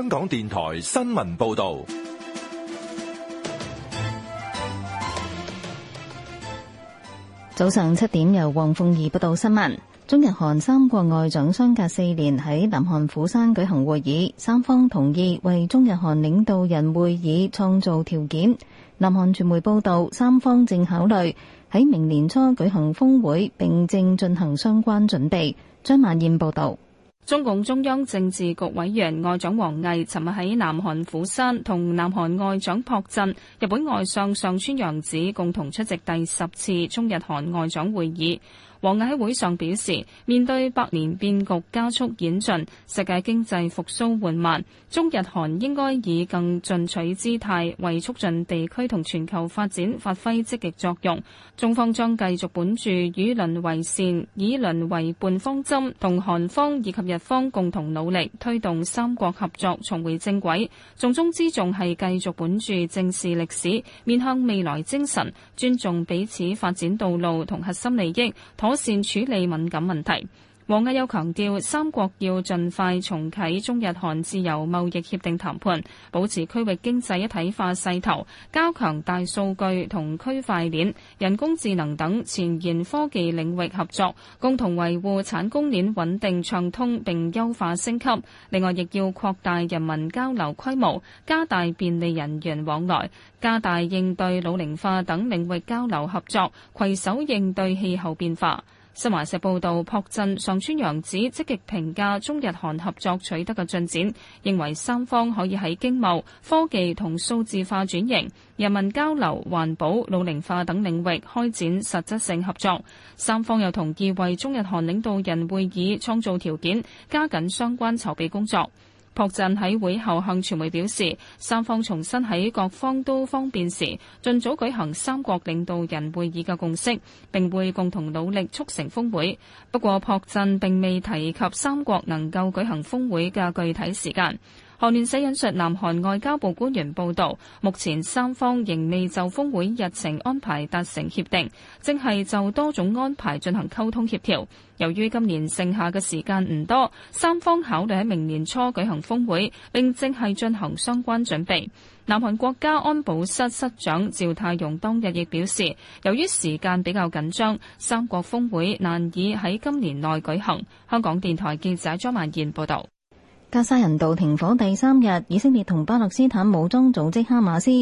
香港電台新聞報道，早上七點由黃鳳儀報道新聞。中日韓三國外長相隔四年喺南韓釜山舉行會議，三方同意為中日韓領導人會議創造條件。南韓傳媒報道，三方正考慮喺明年初舉行峰會，並正進行相關準備。張曼燕報道。中共中央政治局委員外長王毅尋日喺南韓釜山同南韓外長朴振、日本外相上川陽子共同出席第十次中日韓外長會議。王毅喺會上表示，面對百年變局加速演進，世界經濟復蘇緩慢，中日韓應該以更進取姿態，為促進地區同全球發展發揮積極作用。中方將繼續本著與鄰為善、以鄰為伴方針，同韓方以及日方共同努力，推動三國合作重回正軌。重中之重係繼續本著正視歷史、面向未來精神，尊重彼此發展道路同核心利益。妥善處理敏感問題。王毅又強調，三國要盡快重啟中日韓自由貿易協定談判，保持區域經濟一體化勢頭，加強大數據同區塊鏈、人工智能等前沿科技領域合作，共同維護產供鏈穩定暢通並優化升級。另外，亦要擴大人民交流規模，加大便利人員往來，加大應對老齡化等領域交流合作，攜手應對氣候變化。新華社報道，朴振、上川陽子積極評價中日韓合作取得嘅進展，認為三方可以喺經貿、科技同數字化轉型、人民交流、環保、老齡化等領域開展實質性合作。三方又同意為中日韓領導人會議創造條件，加緊相關籌備工作。朴振喺會後向傳媒表示，三方重新喺各方都方便時，盡早舉行三國領導人會議嘅共識，並會共同努力促成峰會。不過，朴振並未提及三國能夠舉行峰會嘅具體時間。韓聯社引述南韓外交部官員報導，目前三方仍未就峰會日程安排達成協定，正係就多種安排進行溝通協調。由於今年剩下嘅時間唔多，三方考慮喺明年初舉行峰會，並正係進行相關準備。南韓國家安保室室長趙泰容當日亦表示，由於時間比較緊張，三國峰會難以喺今年內舉行。香港電台記者張曼燕報導。加沙人道停火第三日，以色列同巴勒斯坦武裝組織哈馬斯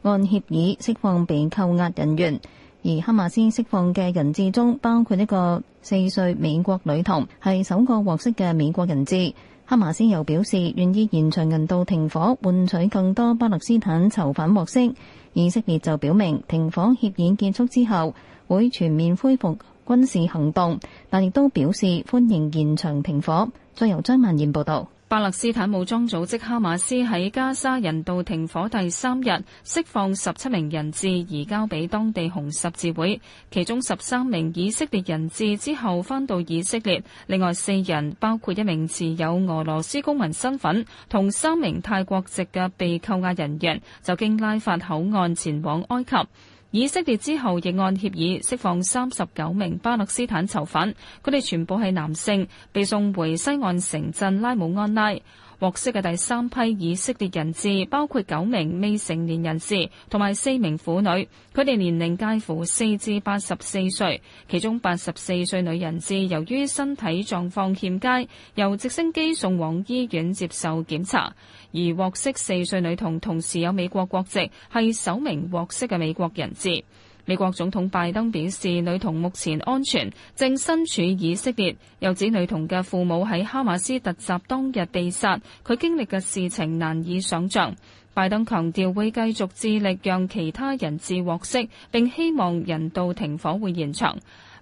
按協議釋放被扣押人員。而哈馬斯釋放嘅人質中，包括一個四歲美國女童，係首個獲釋嘅美國人質。哈馬斯又表示願意延長人道停火，換取更多巴勒斯坦囚犯獲釋，以色列就表明停火協議結束之後會全面恢復軍事行動，但亦都表示歡迎延長停火。再由張曼燕報道。巴勒斯坦武裝組織哈馬斯喺加沙人道停火第三日釋放十七名人質，移交俾當地紅十字會。其中十三名以色列人質之後返到以色列，另外四人包括一名持有俄羅斯公民身份同三名泰國籍嘅被扣押人員，就經拉法口岸前往埃及。以色列之後亦按協議釋放三十九名巴勒斯坦囚犯，佢哋全部係男性，被送回西岸城鎮拉姆安拉。獲釋嘅第三批以色列人質包括九名未成年人士同埋四名婦女，佢哋年齡介乎四至八十四歲，其中八十四歲女人質由於身體狀況欠佳，由直升機送往醫院接受檢查，而獲釋四歲女童同，同時有美國國籍，係首名獲釋嘅美國人質。美國總統拜登表示，女童目前安全，正身處以色列。又指女童嘅父母喺哈馬斯突襲當日被殺，佢經歷嘅事情難以想象。拜登強調會繼續致力讓其他人質獲釋，並希望人道停火會延長。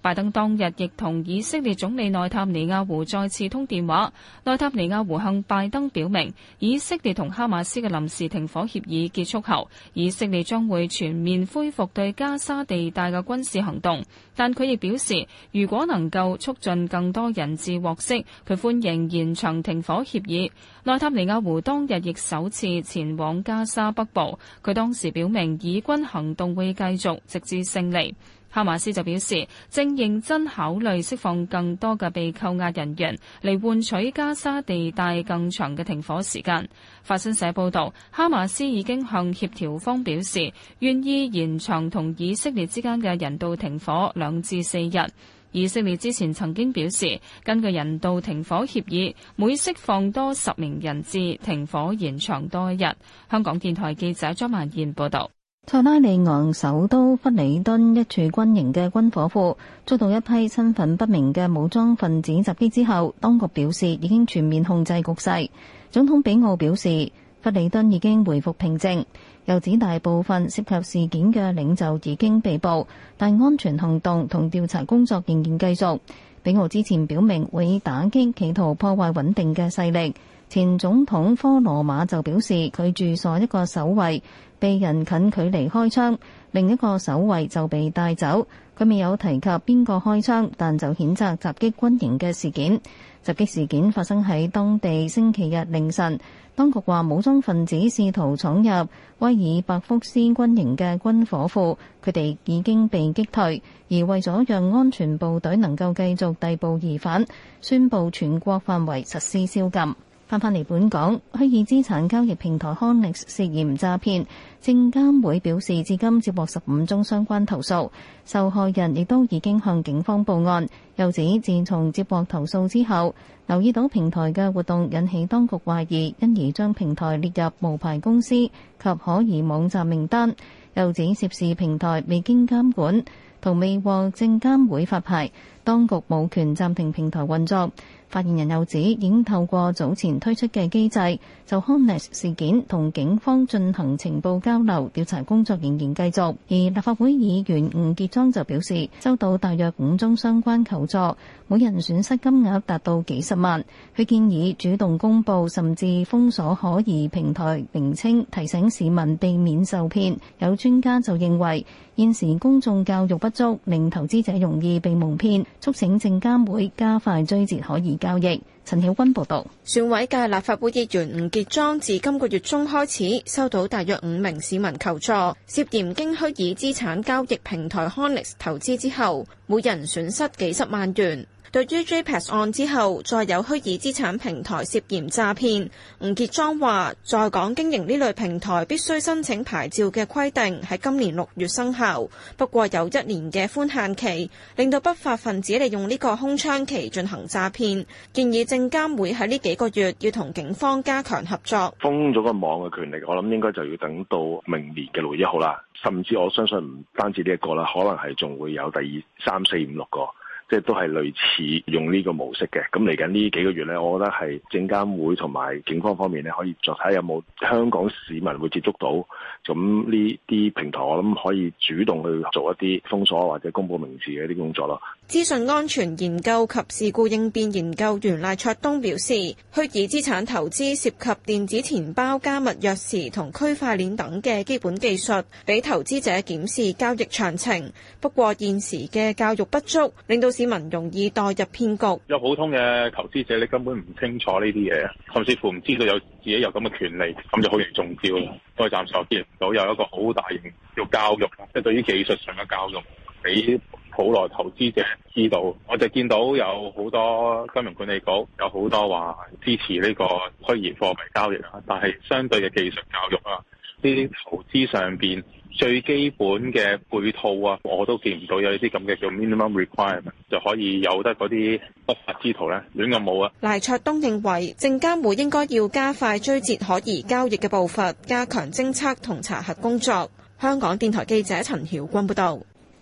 拜登當日亦同以色列總理內塔尼亞胡再次通電話，內塔尼亞胡向拜登表明，以色列同哈馬斯嘅臨時停火協議結束後，以色列將會全面恢復對加沙地帶嘅軍事行動。但佢亦表示，如果能夠促進更多人質獲釋，佢歡迎延長停火協議。內塔尼亞胡當日亦首次前往加沙北部，佢當時表明以軍行動會繼續直至勝利。哈馬斯就表示，正認真考慮釋放更多嘅被扣押人員，嚟換取加沙地帶更長嘅停火時間。法新社報道，哈馬斯已經向協調方表示，願意延長同以色列之間嘅人道停火兩至四日。以色列之前曾經表示，根據人道停火協議，每釋放多十名人質，停火延長多一日。香港電台記者張曼燕報道。塞拉利昂首都弗里敦一處軍營嘅軍火庫遭到一批身份不明嘅武裝分子襲擊之後，當局表示已經全面控制局勢。總統比奧表示，弗里敦已經恢復平靜，又指大部分涉及事件嘅領袖已經被捕，但安全行動同調查工作仍然繼續。比奧之前表明會打擊企圖破壞穩定嘅勢力。前總統科羅馬就表示，佢住所一個守衛被人近距離開槍，另一個守衛就被帶走。佢未有提及邊個開槍，但就譴責襲擊軍營嘅事件。襲擊事件發生喺當地星期日凌晨，當局話武裝分子試圖闖入威爾伯福斯軍營嘅軍火庫，佢哋已經被擊退。而為咗讓安全部隊能夠繼續逮捕疑犯，宣布全國範圍實施宵禁。翻返嚟本港，虛擬資產交易平台 HOUNAX 涉嫌詐騙，證監會表示至今接獲十五宗相關投訴，受害人亦都已經向警方報案。又指自從接獲投訴之後，留意到平台嘅活動引起當局懷疑，因而將平台列入無牌公司及可疑網站名單。又指涉事平台未經監管，同未獲證監會發牌，當局冇權暫停平台運作。發言人又指，已經透過早前推出嘅機制，就康 ness 事件同警方進行情報交流，調查工作仍然繼續。而立法會議員吳傑莊就表示，收到大約五宗相關求助，每人損失金額達到幾十萬。佢建議主動公佈，甚至封鎖可疑平台名稱，提醒市民避免受騙。有專家就認為，現時公眾教育不足，令投資者容易被蒙騙，促請證監會加快追截可疑交易。陳曉君報道，選委界立法會議員吳傑莊自今個月中開始收到大約五名市民求助，涉嫌經虛擬資產交易平台 Hornix 投資之後。每人損失幾十萬元。對於 JPEX 案之後再有虛擬資產平台涉嫌詐騙，吳傑莊話：在港經營呢類平台必須申請牌照嘅規定喺今年六月生效，不過有一年嘅寬限期，令到不法分子利用呢個空窗期進行詐騙。建議證監會喺呢幾個月要同警方加強合作。封咗個網嘅權力，我諗應該就要等到明年嘅六月一號啦。甚至我相信唔單止呢一個啦，可能係仲會有第二、三四五六個。即係都係類似用呢個模式嘅，咁嚟緊呢幾個月咧，我覺得係證監會同埋警方方面咧，可以再睇下有冇香港市民會接觸到咁呢啲平台，我諗可以主動去做一啲封鎖或者公布名字嘅一啲工作咯。資訊安全研究及事故應變研究員賴卓東表示，虛擬資產投資涉及電子錢包加密鑰匙、同區塊鏈等嘅基本技術，俾投資者檢視交易詳情。不過現時嘅教育不足，令到市民容易代入騙局，有普通嘅投資者，你根本唔清楚呢啲嘢，甚至乎唔知道有自己有咁嘅權利，咁就好容易中招啦。所以暫時我見唔到有一個好大型嘅教育，即係對於技術上嘅教育，俾普羅投資者知道。我就見到有好多金融管理局有好多話支持呢個虛擬貨幣交易啊，但係相對嘅技術教育啊，呢啲投資上邊。最基本嘅配套啊，我都見唔到有呢啲咁嘅叫 minimum requirement 就可以有得嗰啲不法之徒咧，亂咁舞啊！賴卓東認為，證監會應該要加快追截可疑交易嘅步伐，加強偵測同查核工作。香港電台記者陳曉君報道。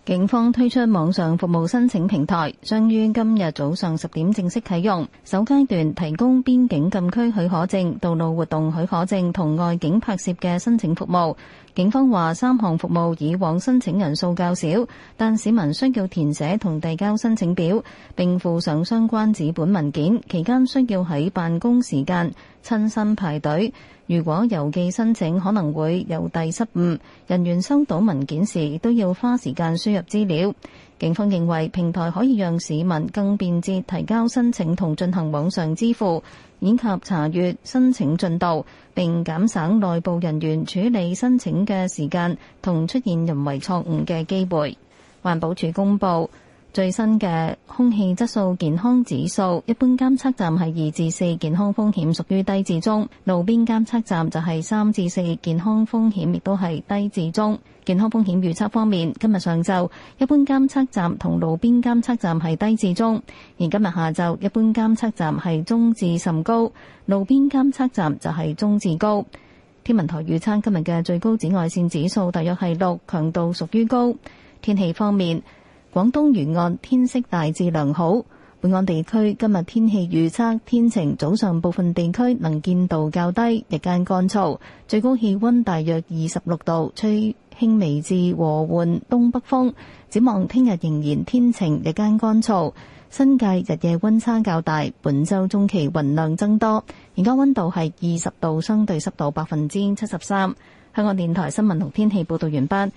警方推出網上服務申請平台，將於今日早上十點正式啟用。首階段提供邊境禁區許可證、道路活動許可證同外景拍攝嘅申請服務。警方話，三項服務以往申請人數較少，但市民需要填寫同遞交申請表，並附上相關紙本文件。期間需要喺辦公時間親身排隊。如果郵寄申請，可能會郵遞失誤，人員收到文件時都要花時間輸入資料。警方認為平台可以讓市民更便捷提交申請同進行網上支付，以及查閱申請進度，並減省內部人員處理申請嘅時間同出現人為錯誤嘅機會。環保署公布。最新嘅空氣質素健康指數，一般監測站係二至四，健康風險屬於低至中；路邊監測站就係三至四，健康風險亦都係低至中。健康風險預測方面，今日上晝一般監測站同路邊監測站係低至中，而今日下晝一般監測站係中至甚高，路邊監測站就係中至高。天文台預測今日嘅最高紫外線指數大約係六，強度屬於高。天氣方面。廣東沿岸天色大致良好，本岸地區今日天氣預測天晴，早上部分地區能見度較低，日間乾燥，最高氣溫大約二十六度，吹輕微至和緩東北風。展望聽日仍然天晴，日間乾燥，新界日夜溫差較大，本周中期雲量增多。而家溫度係二十度，相對濕度百分之七十三。香港電台新聞同天氣報道完畢。